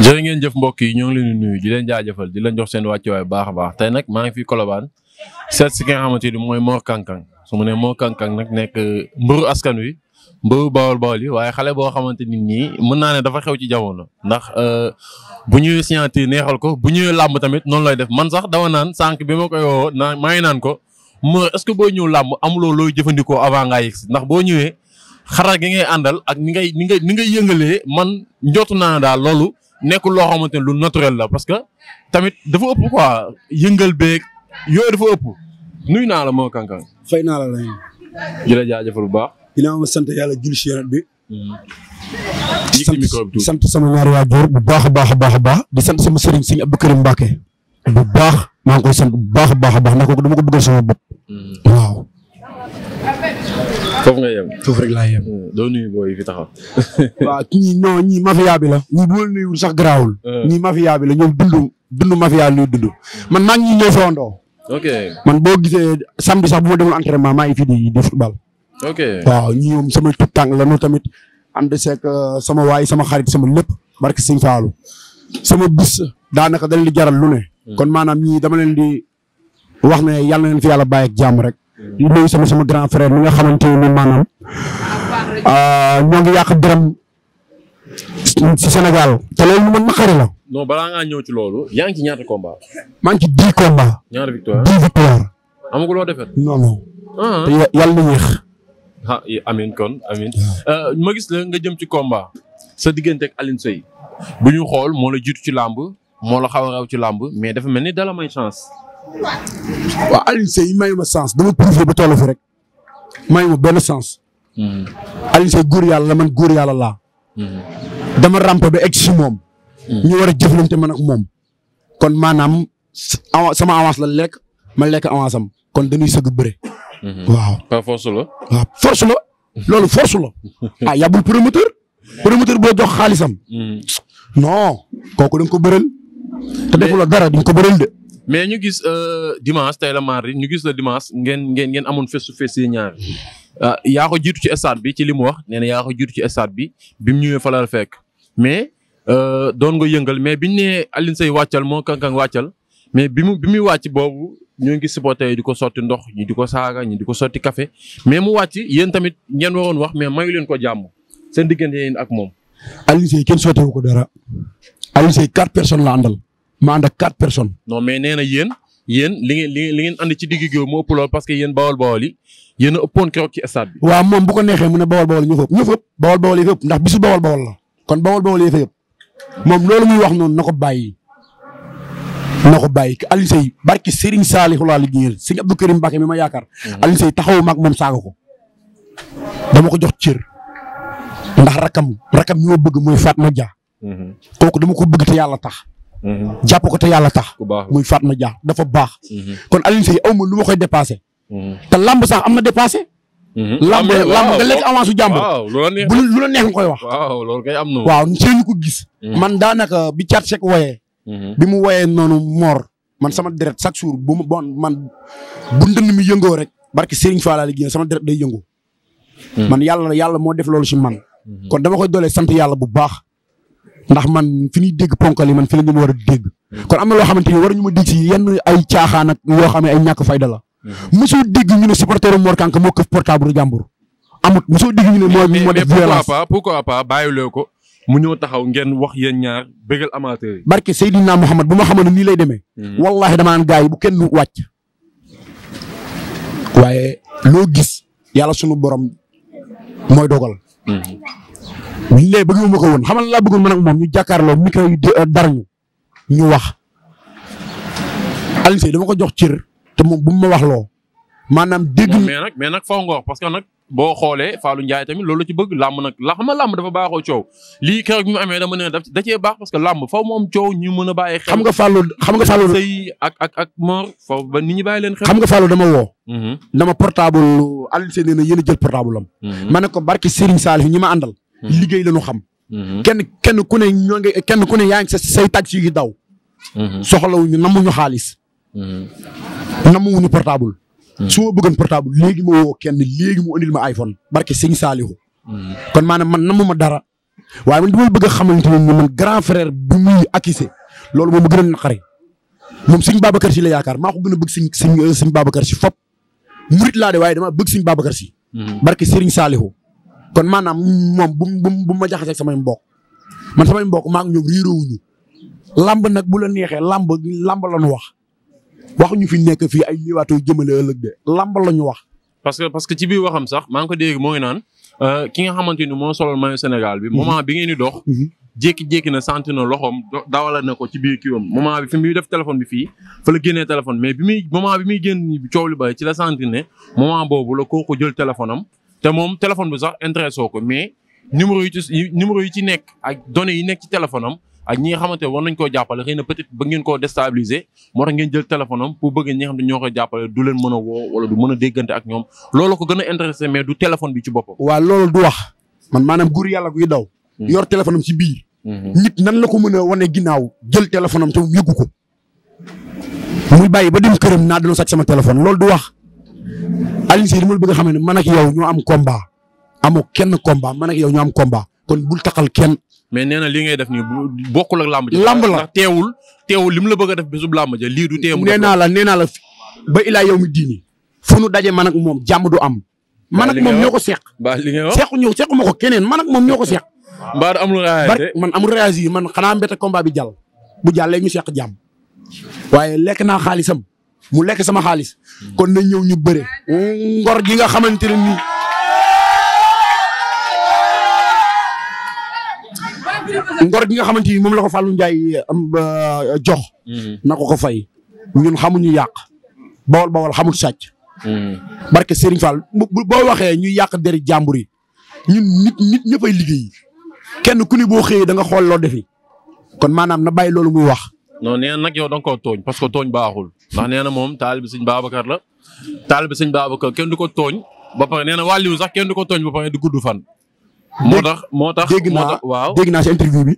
jërë ngeen jëf mbokk yi ñoo ngi leen di nuyu di leen jaajëfal di leen jox seen wàccuwaay baax a baax tey nag maa ngi fi Colobane seet si ki nga xamante ni mooy moo Kang Kang su ma nee Mor Kang nag nekk mbëru askan wi mbëru bawol bawol yi waaye xale boo xamante ni nii mën naa ne dafa xew ci jamono ndax euh, bu ñuy signature neexal ko bu ñuy làmb tamit noonu lay def man sax dama naan sànq bi ma koy woo naa maa ngi naan ko Mor est boo ñëw làmb amuloo looy jëfandikoo avant ngaa yegg si ndax boo ñëwee xara gi ngay àndal ak ni ngay ni ngay ni ngay yëngalee man njootu naa daal loolu nekkul loo xamante ne lu naturel la parce que tamit dafa ëpp quoi yëngal beeg yooyu dafa ëpp nuyu naa la moo kankan fay naa la la di la jaajëfal bu baax. dinaa ma sant yàlla julli si yonent bi. Mm-hmm. di sant sama ñaari waajur bu baax a baax a baax a baax di sant sama sëriñ sëriñ Abdou Karim Mbacke bu baax maa ngi koy sant bu baax a baax a baax ndax ko dama ko bëggal sama bopp mm-hmm. waaw. foofu nga yem. foofu rek laa yem. Hmm, doo nuyu booy fi taxaw. ñii mafia bi la. ñii bu la nuyul sax garaawul. Hmm. ñii mafia bi la ñoom dund dund mafia luy dund. Hmm. man maa ngi man boo gisee samedi sax bu ma demul entraînement maa ngi fi di di football. ok waaw ñii moom sama tout tàng la ñu tamit ànd seeg euh, sama waay sama xarit sama lépp barke Sëñ Faalu sama bis daanaka dañ di jaral lu ne. kon maanaam ñii dama leen di wax yàlla na leen fi yàlla bàyyi ak jàmm rek. nuyu sama sama grand frère mi nga xamante ni maanaam ah, ñoo ngi yàq dërëm ci Sénégal te loolu ñu naqari la. balaa ngaa ñëw ci loolu. yaa ngi ci ñaata combat. maa ngi ci dix combat. ñaata victoire dix victoire. amaguloo défaite. non ah. te yàlla na yéex. Euh, ma gis la nga jëm ci komba sa diggante ak Alioune Seye bu ñu xool moo la jiitu ci làmb moo la xaw a raw ci làmb mais dafa mel ni dala may chance. waaw Alioune Seye may ma sens dama prouvé bu tollu fi may ma benn sens. Hmm. Alioune Seye góor yàlla la man góor yàlla laa. Hmm. dama rampe ba egg si moom. Hmm. ñu war a jëflante man ak moom. kon maanaam sama avance la lekk ma lekk avance am kon dañuy sëgg bëre. waaw par force la. waaw force la loolu force la ah yàbbul promoteur promoteur boo jox xaalisam. non kooku da nga ko bëreel. dara di nga ko mais ñu gis euh, dimanche tey la mardi ñu gis la dimanche ngeen ngeen ngeen amoon face to face yi ñaar ah, yaa ko jiitu ci stade bi ci li mu wax nee na ko jiitu ci stade bi bi mu ñëwee fa la fekk mais euh, doon nga yëngal mais biñ nee Alioune Seye wàccal moo kankang wàccal mais bi mu bi muy wàcc boobu ñoo ngi supporter yi di ko sotti ndox ñu di ko saaga ñu di ko sotti kafe mais mu wàcc yéen tamit ngeen waroon wax mais mayu leen ko jàmm seen diggante yéen ak moom. Alioune Seye kenn sotteewu ko dara Alioune Seye quatre personnes ma ànd ak quatre personnes. non mais nee na yéen yéen li ngeen li ngeen andi ci digg géew moo ëpp lool parce que yéen bawol bawol yi yéen a ëppoon keroog ci stade bi. waaw moom bu ko neexee mu ne bawol bawol ñu fëpp ñu fëpp bawol bawol yi fëpp ndax bisu bawol bawol kon bawol bawol yi fa moom loolu muy wax noon na ko bàyyi na ko bàyyi Alioune Seye barki Serigne Saliou laa liggéeyal Serigne Abdou Karim Mbacké mi ma yaakaar. Mhm. Alioune Seye taxawu ma moom saaga ko dama ko jox cër ndax rakam rakam ñoo bëgg mooy Fatma Dia. Mhm. kooku dama ko bëgg te yàlla tax. Mm-hmm. jàpp ko te yàlla tax. muy Fatma Dia dafa baax. Mm-hmm. kon Alioune Seye aw ma lu ma koy dépassé. Mm-hmm. te lamb sax am na dépassé. lamb lamb nga lekk avance su bu lu la koy wax. waaw loolu kay am na. waaw ñu ko gis. man daanaka bi Thiat Seck wooyee. bi mu wooyee noonu Mor. man sama deret chaque jour bu ma bon man bu ndënd mi yëngoo rek. barke Serigne Fall la génn sama deret day yëngoo. man yàlla yàlla moo def loolu si man. kon dama koy doolee sant yàlla bu baax. ndax man fi ñuy dégg ponkal yi man fi la ñu ma war a dégg kon am na loo xamante ni war ñu ma dégg si yenn ay caaxaan yoo xam ne ay ñàkk fayda la mhm. mosoo dégg ñu ne supporteru moor Kànk moo këf portable jàmbur amut mosoo dégg ñu ne moo moo def violence mais pourquoi pas bàyyiloo ko mu ñëw taxaw ngeen wax yéen ñaar bëggal amateur yi barke Seydina Mouhamad bu ma xamoon ne nii lay demee mhm. wallahi dama naan bu kenn wàcc waaye loo gis yàlla sunu borom mooy dogal mhm. léegi bëgguma ko woon xamal laa bëgg man ak moom ñu jàkkaarloo micro yu dar ñu ñu wax Alioune Seye dama ko jox cër te moom bu ma wax loo maanaam dégg. mais nag mais nag faw nga wax parce que nag boo xoolee Fallou njaay tamit loolu la ci bëgg làmb nag la xam nga làmb dafa baaxo coow li keroog bi mu amee dama ne da cee baax parce que làmb faw moom coow ñu mën a bàyyi xel. xam nga Fallou xam nga Fallou. sëy ak ak ak ba nit ñi bàyyi leen xam nga Fallou dama woo. Mhm. dama portable Alioune Seye nee a jël portable am. Mhm. ma ne ko barki ñi ma àndal Hmm. liggéey la ñu xam. Hmm. kenn kenn ku ne ñoo ngi kenn ku ne yaa ngi sa say taxi yi daw. Hmm. soxlawuñu namuñu xaalis. namuwuñu portable. su ma bëggoon portable léegi ma woo kenn léegi mu indil ma iPhone barke sëñ Saalihu. kon maanaam man namu ma dara. waaye man li ma bëgg a xamante ne man grand frère bi muy accusé loolu moom mu gën a naqari moom sëñ Babacar Si la yaakaar maa ko gën a bëgg sëñ sëñ sëñ Babacar Si fop murit laa waaye dama bëgg sëñ Babacar Si. barke Serigne Saalihu. kon maanaam moom bu bu bu ma jaxaseeg samay mbokk man samay mbokk maa ngi ñoom riiroowuñu lamb nag bu la neexee lamb lamb lañu wax waxuñu fi nekk fii ay liwaatoo jëmale ëllëg de lamb lañu wax. parce que parce que ci biir waxam sax maa ngi ko dégg mooy naan euh, ki nga xamante ni moo solal maillot Sénégal bi. Mhm. moment bi ngeen di dox. Mhm. jékki-jékki na sant na loxoom dawala na ko ci biir kiwam moment bi fi muy def téléphone bi fii fa la génnee téléphone mais bi muy moment bi muy génn coow li bay ci la sant ne moment boobu la kooku jël téléphone am. te moom téléphone bi sax intéressé ko mais numéro yi ci numéro yi ci nekk ak données yi nekk ci téléphone ak ñi nga xamante war nañ ko jàppale xëy na peut-être bëgg ngeen ko déstabiliser moo tax ngeen jël téléphone am pour bëgg ñi nga xam jàppale du leen mën a woo wala du mën a déggante ak ñoom loolu ko gën a intéressé mais du bi ci boppam. waaw loolu du wax man maanaam góor yàlla guy daw. Hmm. yor téléphone am ci biir. Hmm. nit nan la ko mën a wane ginnaaw jël téléphone am te yëgu ko. muy bàyyi ba dem këram naa dina sàcc sama téléphone loolu du wax. Alioune Seye li ma la bëgg a xam ne man ak yow ñoo am combat amoo kenn combat man ak yow ñoo am combat kon bul taxal kenn. mais nee na li ngay def nii bokkul ak lamb ja. la teewul teewul li mu la bëgg a def bésub làmb ja lii du teewul. nee naa la nee naa la ba ilaa yow mi diini fu daje man ak moom jàmm du am. man ak moom ñoo ko seq. ba li nga wax sequ ko keneen man ak moom ñoo ko seq. Mbaa amul réagir man amul réagir man xanaa mbete combat bi jàll. bu jàllee ñu seq jàmm waaye lekk naa xaalisam mu lekk sama xaalis kon na ñëw ñu bëre ngor gi nga xamante ne ngor gi nga xamante ni moom la ko Fallou Ndiaye euh, am euh, jox. Mm-hmm. na ko ko fay ñun xamuñu yàq bawol bawol xamul sàcc. Mm-hmm. barke Serigne Fall bu boo waxee ñu yàq deri jàmbur yi ñun nit nit ñëppay liggéey kenn ku ni boo xëyee da nga xool loo defi kon maanaam na bay loolu wax. non nee na nag yow da tooñ parce que tooñ baaxul ndax nee na moom taalibi sëñ Babacar la taalibi sëñ Babacar kenn du ko tooñ ba pare nee na wàlliwu sax kenn du ko tooñ ba pare di gudd fan. moo tax moo tax dégg naa waaw dégg naa si interview bi.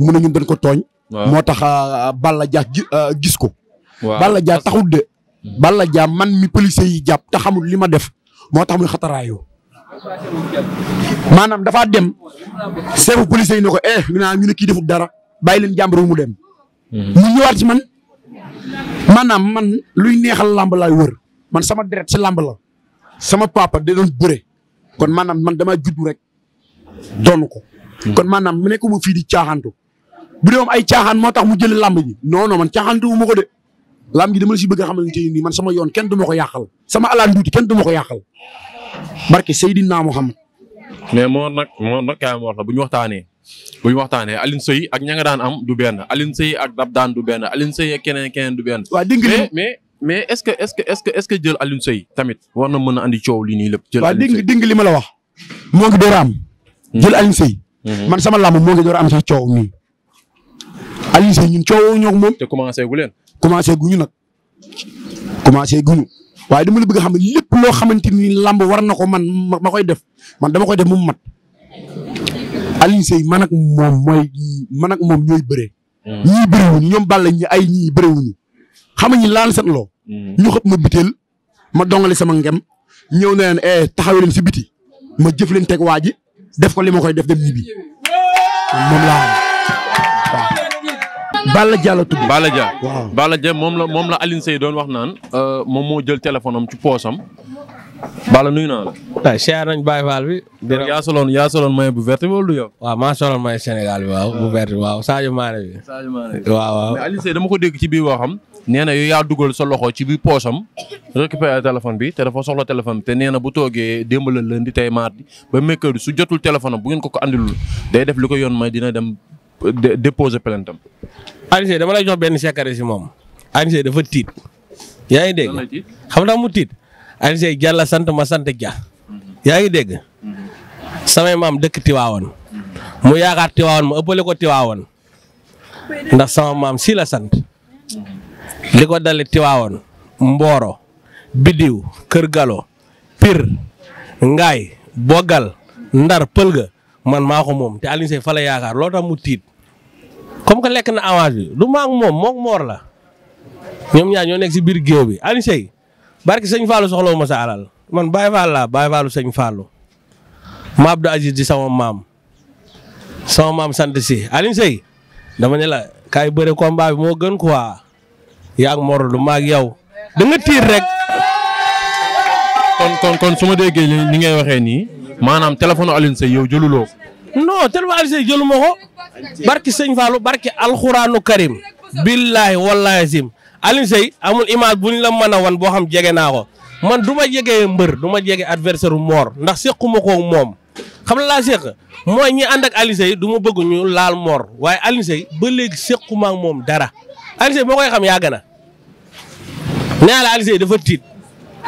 mu ne ñun ko tooñ. moo tax euh, Balla Dia euh, gis ko. waaw Balla Dia taxul de. Hmm. Balla Dia man mi policier yi jàpp te xamul li ma def moo tax muy xataraayoo. maanaam dafaa dem. seefu policier yi ne ko eh ñu ne kii deful dara bàyyi leen jàmbur mu dem. mu mhm. ñëwaat man maanaam man luy neexal làmb laay wër man sama deret ci làmb la sama papa da doon kon maanaam man damaa juddu rek don ko. Mhm. kon maanaam mu nekkuma fii di caaxaantu bu dee ay caaxaan moo tax mu jël làmb ji non non man caaxaantu wu ma ko de làmb ji dama la si bëgg a xamante ni man sama yoon kenn du ma ko yàqal sama alal nduuti kenn du ma ko yàqal barke Seydina Muhammad mais moo nag moo nag kaay bu ñu waxtaanee bu ñu waxtaanee Alioune Seye ak ña nga daan am du benn Alioune Seye ak dab daan du benn Alioune keneen keneen du benn. waaw dégg mais mais est-ce que est-ce jël Alioune tamit war na mën a andi coow li nii lépp. jël Alioune Seye waaw dégg dégg li ma la wax. moo ngi door a am. Hmm. jël Alioune hmm. man sama làmb moo ngi door am sax coow nii. Alioune ñu ñun coowoo ñoo moom. te commencé gu leen. gu ñu nag commencé guñu waaye dama la bëgg a xam lépp loo xamante ni làmb war na ko man ma koy def man dama koy def mu mat. Alioune Seye man ak moom mooy man ak moom ñooy bëre. Hmm. ñii bëriwuñu ñoom Balla ñi ay ñii bëriwuñu xam nga ñu laal seen loo. Hmm. ñu xëpp ma biteel ma dongale sama ngem ñëw na leen eh si biti ma jëf leen teg waa ji def ko li ma koy def dem ñibbi moom laa am waaw. Balla Dia la tudd. Balla Dia waaw Balla Dia moom la moom la Alioune Seye doon wax naan. Euh, moom moo jël téléphone am ci poosam. Balla nuyu naa la. waaw siyaar nañ Baye Fall bi. yaa soloon yaa soloon maye bu vert bi wala du waaw maa soloon maye Sénégal bi waaw bu vert waaw Sadio Mané bi. waaw waaw. mais dama ko dégg ci biir waxam. nee na yow yaa dugal sa loxo ci biir poosam. récupéré téléphone bi te dafa soxla téléphone bi te nee na bu toogee démb la di tey mardi ba mercredi su jotul téléphone bu ngeen ko ko andilul day def li ko yoon may dina dem déposer plainte am. jox benn secret moom. Aliou Seye dafa tiit. yaa ngi Alioune Seye sant ma sant ja yaa ngi dégg samay maam dëkk Tiwaawoon mu yaakaar Tiwaawoon ma ëppale ko Tiwaawoon ndax sama maam si la sant li ko dale Tiwaawoon Mbooro Bidiw Kër Galo Pir Ngaay Bogal Ndar Pëlga man maa ko moom te Alioune Seye fa la yaakaar loo tax mu tiit comme que lekk na avance bi du maag moom moog moor la ñoom ñaar ñoo nekk si biir géew bi Alioune barke sëñ Fallou soxlawu ma alal man Baye Fall laa Baye Fallu sëñ Fallou ma Abdou di sama maam sama maam sant si Alioune Seye dama ne la kaay bëre ko bi moo gën quoi yaa ak Mor maag yow da nga tiir rek. kon kon kon su ma déggee li ngay waxee nii maanaam téléphone Alioune Seye yow jëluloo ko. non téléphone Alioune Seye jëluma ko barki sëñ Fallou Karim. billahi wallahi azim Alioune Seye amul image bu ñu la mën a wan boo xam jege naa ko man du ma jegee mbër du ma jege adversaire u moor ndax sequma ko moom xam la laa seq mooy ñi ànd ak Alioune Seye du ma bëgg ñu laal moor waaye Alioune Seye ba léegi sequma ak moom dara Alioune Seye boo koy xam yàgg na nee la dafa tiit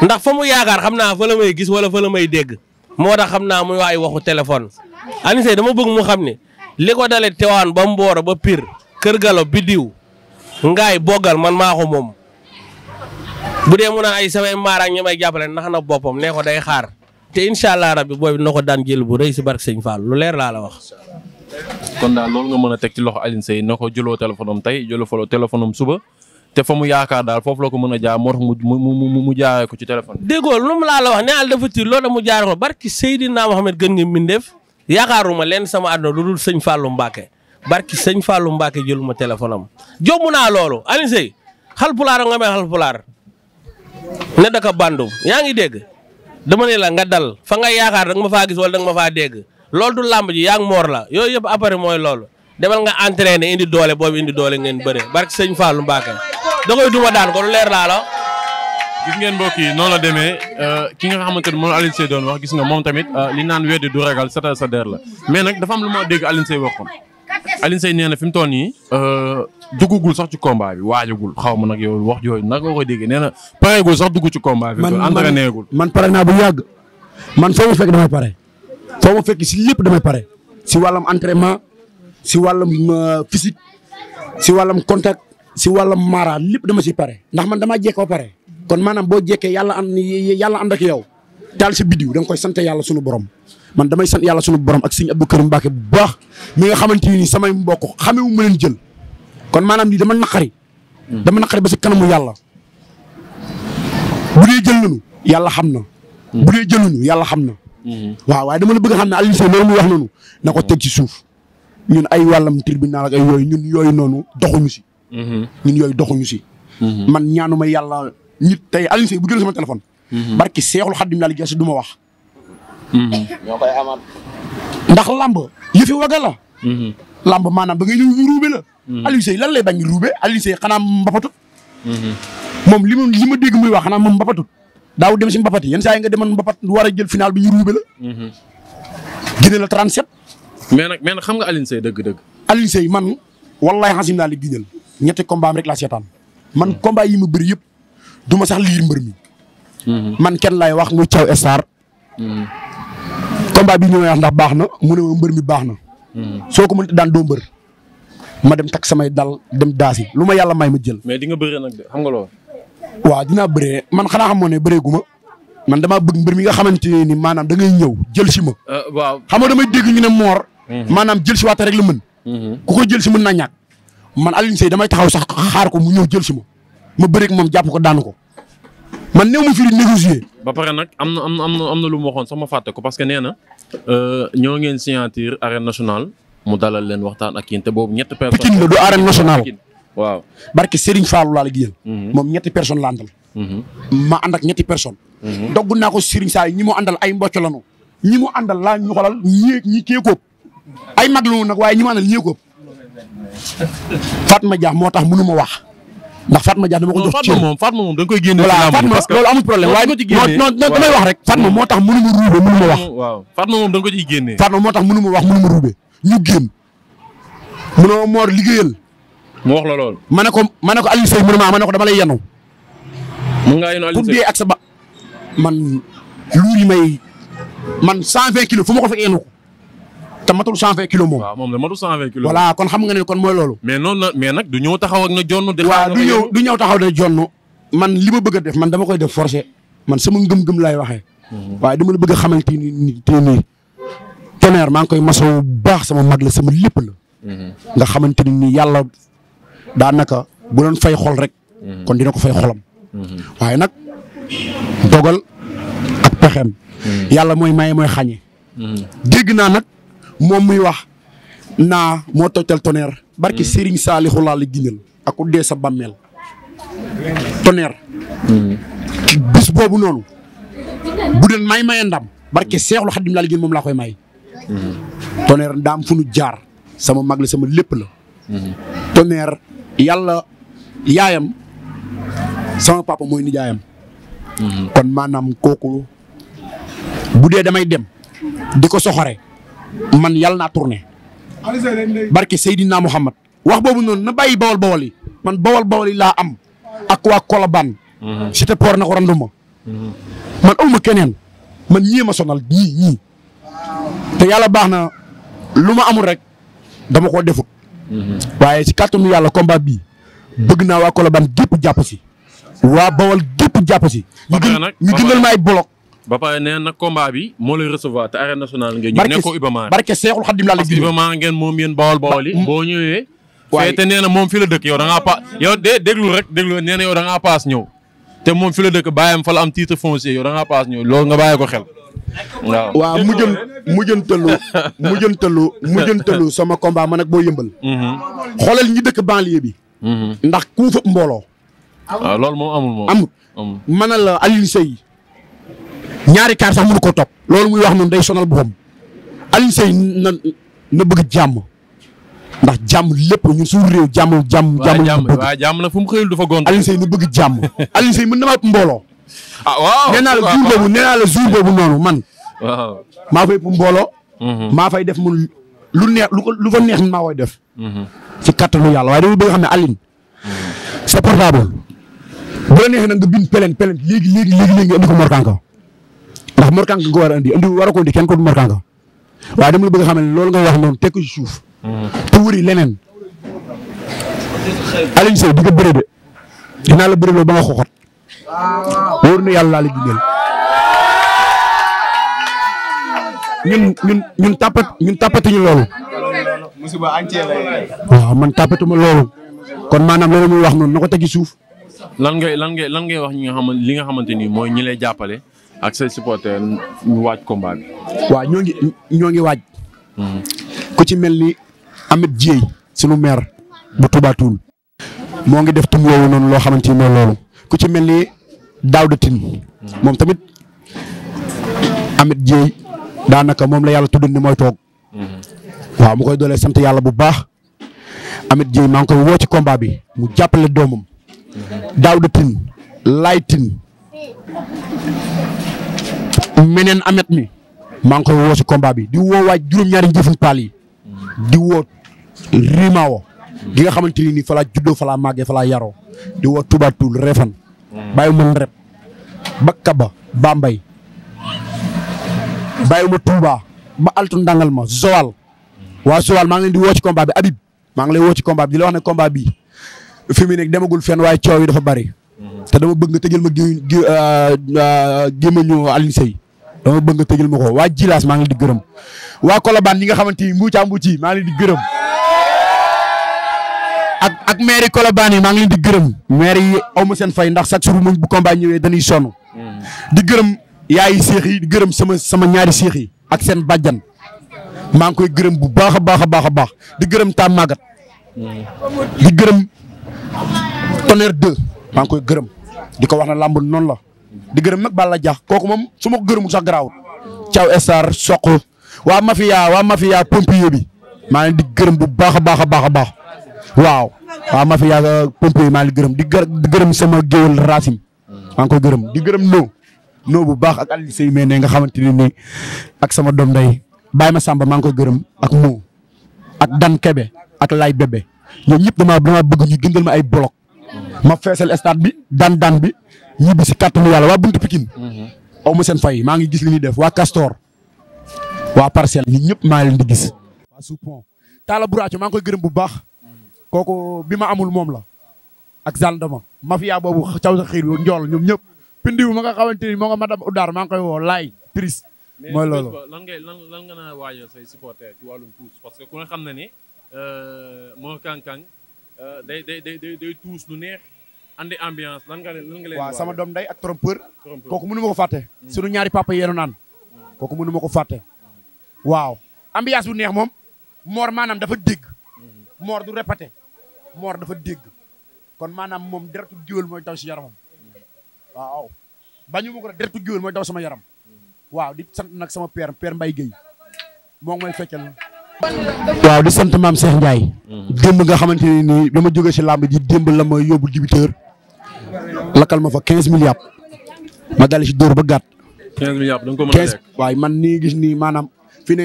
ndax fa mu yaakaar xam naa fa la may gis wala fa la may dégg moo tax xam naa muy wax ay waxu téléphone Alioune dama bëgg mu xam ne li ko dalee Tewaan ba Mbooro ba piir Kër Galo Bidiw ngaay boggal man maa moom bu dee mu naan ay samay maaraak ñi may jàppale nax na boppam nee ko day xaar te incha allah rabbi booy bi na ko daan jël bu rëy si barke sëñ Fall lu leer laa la wax. kon daal loolu nga mën a teg ci loxo Alioune Seye noo ko juloo téléphone am tey jëloo folo téléphone am suba te fa mu yaakaar daal foofu la ko mën a jaar moo tax mu mu mu jaaree ko ci téléphone. déggoo lu laa la wax ne al dafa tiir loolu mu jaaree ko barki naa Mohamed gën nga mbindeef yaakaaruma leen sama àdduna lu dul sëñ Fallou Mbacke barki sëñ Fallou Mbacke jëlu ma téléphone am jomm naa loolu Alioune Seye xalpulaar nga may xalpulaar ne daka bandum yaa ngi dégg dama ne la nga dal fa nga yaakaar da ma faa gis wala da ma faa dégg loolu du làmb ji yaa ngi moor la yooyu yëpp après mooy loolu demal nga entraîné indi doole boobu indi doole ngeen bëre barki sëñ Fallou Mbacke da koy duma daan ko lu leer laa la. gis ngeen mbokk yi demee euh, ki nga xamante ne moom Alioune Seye doon wax gis nga moom tamit euh, li naan weddi sa sa der la mais nag dafa am lu ma dégg Alioune Alioune Seye nee na fi mu toll nii euh, duggagul sax ci combat bi waajagul xaw ma nag yow wax yooyu naka nga ko déggee nee na pareegul sax dugg ci combat bi. man man man pare naa bu yàgg man foo ma fekk damay pare. foo mu fekk si lépp damay pare si wàllam entraînement si wàllam euh, physique si wàllam contact si wàllam mara lépp dama si pare ndax man damaa jekkoo pare. kon maanaam boo jekkee yàlla am yàlla ànd ak yow taal sa bidiw da nga koy sant yàlla sunu borom man damay sant yàlla sunu borom ak sëñ Abdou Karim Mbacke bu baax a nga xamante ni samay mbokk xamewu ma leen jël kon maanaam lii dama naqari. dama naqari ba si kanamu yàlla. bu jël nañu yàlla xam na. bu dee jël nañu yàlla xam na. waaw waaye dama la bëgg a xam ne Alioune Seye loolu mu wax noonu na ko teg ci suuf ñun ay wàllam tribunal ak ay yooyu ñun yooyu noonu doxuñu si. ñun yooyu doxuñu si. man ñaanuma yàlla nit tey Alioune Seye bu jëlee sama téléphone. barki seexul xaddim daal gerte du ma wax. Mm-hmm. ñoo koy ndax lamb yëfi waga la. Mm-hmm. lamb maanaam ba nga ñëw ñu ruube mm-hmm. lan lay bañ ruube Aliou Seye xanaa mbapatut. moom li ma li ma dégg muy wax xanaa moom mbapatut daaw dem si mbapat yi yenn saa yi nga demoon mbapat war a jël final bi ñu ruube la. génne la 37. mais nag mais nag xam nga Aliou Seye dëgg-dëgg. Aliou man wallahi xasim naa la giñal ñetti combat am rek laa seetaan man combat yi ma yëpp du ma sax liir mbër mi. man kenn laay wax muy Thiaw Star. combat bi ñëwee wax ndax baax na mu ne ma mbër mi baax na. Hmm. soo ko mënut daan doo mbër. ma dem takk samay dal dem daasi lu ma yàlla may ma jël. mais di nga bëree nag waaw dinaa bëree man xanaa xamoon ne bëree gu ma man damaa bëgg mbër mi nga xamante ne ni maanaam da ñëw jël si ma. Euh, waaw xam nga damay dégg ñu ne moor. Hmm. maanaam jël si waate rek la mën. Hmm. ku ko jël si mën naa ñàkk. man Alioune Seye damay taxaw sax xaar ko mu ñëw jël si ma. ma bëreeg moom jàpp ko daan ko. man néew ma fi négocier. ba pare nag am na am am na lu mu waxoon sax ma ko parce que nee na. Euh, ñoo ngeen signature arène nationale mu dalal leen waxtaan ak yéen te boobu ñetti personnes. Pikine la du arène nationale. waaw barke Serigne Fallou laa la gis mhm. moom ñetti personnes la àndal. Mhm. ma ànd ak ñetti personnes. Mhm. dogg naa ko Serigne Sall ñi mu àndal ay mbocc lanu ñi mu àndal laa ñu xoolal ñii ñi kee kóob ay mag la nag waaye ñi mu àndal ñee kóob Fatma Dia moo tax mënu ma wax. ndax Fatma Dia dama ko jox ci moom Fatma moom da koy génne voilà Fatma loolu amul problème waaye non non damay wax rek Fatma moo tax mënu ma ruube mënu ma wax waaw Fatma moom da nga ko ciy génne Fatma moo tax mënu ma wax mënu ma ruube ñu génn mu moor liggéeyal mu wax la lool ma ne ko ma ne ko Aliou ma ma ne ko dama lay yenu mu ngaa yenu ak sa ba man luur may man cent vingt kilos fu ma ko fekk yenu te matul 120 kilos moom. moom la matul 120 kilos. voilà kon xam nga ne kon mooy loolu. mais noonu la mais nag du ñëw taxaw ak na jonn. de waaw du ñëw taxaw de jonn man li ma bëgg a def man dama koy def forcé man sama ngëm-ngëm laay waxee. Mhm. waaye dama la bëgg a xamante ni tey nii. tonnerre maa ngi koy masawu baax sama mag la sama lépp la. Mhm. nga xamante ni yàlla daanaka bu doon fay xol rek. Mhm. kon dina ko fay xolam. waaye nag dogal ak pexeem. yàlla mooy maye mooy xàññe. dégg naa nag. moom muy wax naa moo tojtal tonnerre. barki mm. Serigne Saliou laa la gindal ak dee sa bàmmeel tonnerre. Mm. bis boobu noonu. bu den may maye ndam barke Seexul Xadim laa la gindal moom laa koy may. Mm. tonnerre ndaam fu jaar sama mag la sama lépp la. tonnerre yàlla yaayam sama papa mooy nijaayam. kon maanaam kooku bu dee damay dem di ko soxore man yàlla naa tourné barke Seydina Muhammad wax boobu noonu na bay bawal bawal man bawal bawal laa am ak waa Colobane mhm. cité port na ko randuma mhm. man awma keneen man ñii ma sonal ñii ñii te yàlla baax na lu ma amul rek dama koo defut mhm. waaye si kàttanu yàlla combat bii bëgg naa waa Colobane gépp jàpp si waa bawal gépp jàpp si ñu gënal may bolok ba pare nee na combat bi moo lay recevoir te arène nationale ngeen. ñu nekkoo Ibamaar barke Seexul Xadim laa la gis. Ibamaar ngeen moom yéen bawol bawol yi. boo ñëwee. waaye te nee na moom fi la dëkk yow da ngaa pa yow de déglu rek déglu nee na yow da ngaa paas ñëw. te moom fi la dëkk bàyyam fa la am titre fonce yow da ngaa paas ñëw loolu nga bàyyi ko xel. waaw waaw mujjën mujjëntalu mujjëntalu mujjëntalu sama combat ma ak boo yëmbal. Mhm. xoolal ñi dëkk banlieue bi. Mhm. ndax ku fëpp mbooloo. waaw loolu moom ñaari kaar sax mënu ko topp loolu muy wax noonu day sonal boppam Alioune Seye na na bëgg jàmm ndax jàmm lépp ñun suñu réew jàmm jàmm. jàmm waaw na fu mu xëyul du fa gont. Alioune Seye na bëgg jàmm Alioune Seye mën na ma ëpp mbooloo. ah waaw nee la jour boobu noonu man. maa fay ëpp mbooloo. Mhm. maa fay def mu lu neex lu ko maa koy def. Mhm. ci kattanu yàlla waaye dama bëgg xam ne Alioune. portable. bu la neexee nga bind peleen léegi léegi léegi léegi nga indi ko Mor Kanka ndax Mor Kang nga ko war a andi andi ko andi kenn ko du Mor Kang waaye dama xamal ne loolu nga wax noonu teg ko suuf. te wëri leneen. Alioune Seye di nga bëre de dinaa la bëre loolu ba nga xoxot wóor na yàlla laa la jugeel ñun ñun ñun tàppat ñun tàppatuñu loolu. waaw man tàppatuma loolu. kon maanaam loolu muy wax noonu na ko teg ci suuf. lan ngay lan ngay lan ngay wax ñi nga xamante li nga xamante ni mooy ñu lay jàppale. ak say supporters waaw ñoo ngi ñoo waaj. ku ci mel ni Amath Dieng sunu maire bu Touba moo ngi def tum woowu noonu loo xamante ni mooy loolu ku ci mel ni Daouda Tine moom tamit amit Dieng daanaka moom la yàlla tudd ni mooy toog. waaw mu koy doolee sant yàlla bu baax Amath Dieng maa ngi koy woo ci bi mu jàppale doomam Daouda Tine Laye Tine meneen amet mi maa ngi koy woo si combat bi di woo waaj ñaari jëfin paal yi di woo Rimao gi nga xamante ni fa laa juddoo fa laa màggee yaroo di woo Touba Toul Refan bàyyi ma rep ba Kaba Bambey bàyyi ma Touba ba altu ndangal ma Zowal waa Zowal maa ngi di woo ci combat maa ngi lay woo ci bi di la wax ne combat bi fi mu nekk demagul fenn waaye coow yi dafa bari te dama bëgg nga tëjal ma gé euh, euh, gémmañu Alioune Seye dama bëgg nga tëjal ma ko waa Jilaas maa ngi di gërëm waa Colobane ñi nga xamante ni mbuucaa mbuuci maa ngi leen di gërëm ak ak maire Colobane yi maa ngi leen di gërëm maire yi aw seen fay ndax chaque jour bu combat ñëwee dañuy sonn mm. di gërëm yaayi seex di gërëm sama sama ñaari seex yi ak seen bàjjan maa ngi koy gërëm bu baax a baax a baax a baax di gërëm Tam Magat mm. di gërëm Tonnerre 2 maa ngi koy gërëm di ko wax na làmb noonu la di gërëm nag Balla Dia kooku moom suma gërëmu ko gërëmul sax Star soq waa mafia waa mafia pompier maa leen di gërëm bu baax a baax a baax a baax waaw waa mafia euh, pompier bi maa leen di gërëm di gërëm sama géwél Racine maa ngi koy gërëm di gërëm no no bu baax ak Aliou Seye nga xamante ne nii ak sama doom day Baye Massamba maa ngi koy gërëm ak moo ak Dan Kebe ak Lay Bebe ñoom ñëpp dama dama bëgg ñu ma ay bloc ma feesal stade bi daan daan bi ñibbi si kàttanu yàlla waa buntu Pikine. Mhm. aw ma seen fay maa ngi gis li ñuy def waa Castor. waa Parcelles ñun ñëpp maa ngi gis. waa Soupon Talla Bouraaco maa ngi koy gërëm bu baax. kooku bi ma amul moom la. ak ma Zandama mafia boobu caw sa xiir njool ñoom ñëpp. pindi ma nga xamante ni moo nga maa ngi koy woo laay Pris. mooy loolu lan ngay lan nga naa waajal say supporter ci wàllum tuus nga xam ne ni euh, moo kànkang euh, day day tuus lu neex. andi ambiance lan nga nga leen waaw sama doom day ak trompeur kooku mënu ma ko fàtte mm. sunu ñaari papa yeenu naan mm. kooku mënu ma ko fàtte waaw ambiance bu neex moom moor maanaam dafa dégg mm. moor du répété moor dafa dégg kon maanaam moom deretu géwél mooy daw si yaramam waaw bañu ko deretu géwél mooy daw sama yaram waaw di sant nag sama père père Mbaye moo ngi may feccal sant maam Cheikh Ndiaye démb nga xamante ne nii dama jóge si làmb ji démb la yóbbu débiteur la ma fa quinze mille yàpp ma dale ci ba gàtt. 15 mille yàpp a waaye man nii gis nii maanaam fi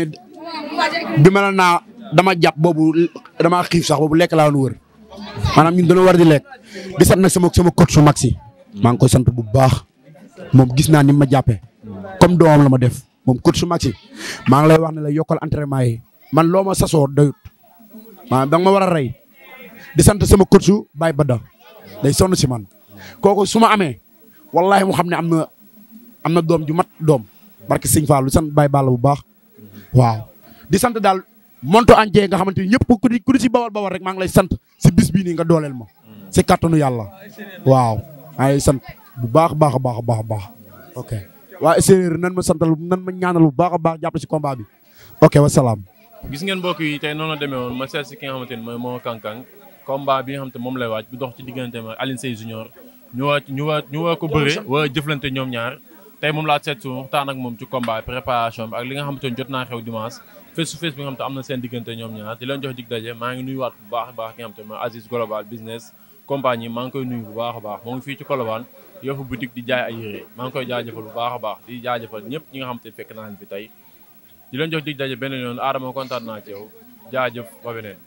bi ma la naa dama jàpp boobu damaa xiif sax boobu lekk laa doon wër maanaam ñun war di lekk di sant nag sama sama coach su mag si. maa ngi koy sant bu baax moom gis naa ni ma jàppee comme doomam la ma def moom coach su mag maa ngi lay wax ne la yokkal entraînement yi man loo ma sasoo doyut maanaam da nga ma war a rey di sant sama coach su Bada day sonn si kooku su ma amee wallaahi mu xam ne am na am na doom ju mat doom barke sëñ Fallou sant Baye Balla bu baax waaw di sant daal monto entier nga xamante ni ñëpp ku di ku si bawal bawal rek maa ngi lay sant si bis bii nii nga dooleel ma si kàttanu yàlla waaw maa ngi sant bu baax baax a baax baax ok waa séeréer nan ma santal nan ma ñaanal bu baax a baax jàpp si combat bi ok wasalaam. gis ngeen mbokk yi tey noonu la demee woon ma si ki nga Kang Kang combat bi nga xam te moom lay waaj bu dox ci diggante ma Alioune Seye Junior ñu ñoom ñaar moom laa seet su waxtaan moom ci combat préparation bi ak li nga xam te jot naa xew dimanche face to face bi nga ñaar di leen jox dig maa ngi nuyuwaat bu baax a baax ki nga xam te mooy compagnie maa ngi koy nuyu bu baax a baax moo ngi fii ci Colobane yëfu boutique di jaay ay yére maa ngi koy jaajëfal bu baax a baax di jaajëfal ñëpp ñi nga xam te fekk naa fi tey di leen jox dig daje beneen yoon Adama kontaan naa ci yow jaajëf ba beneen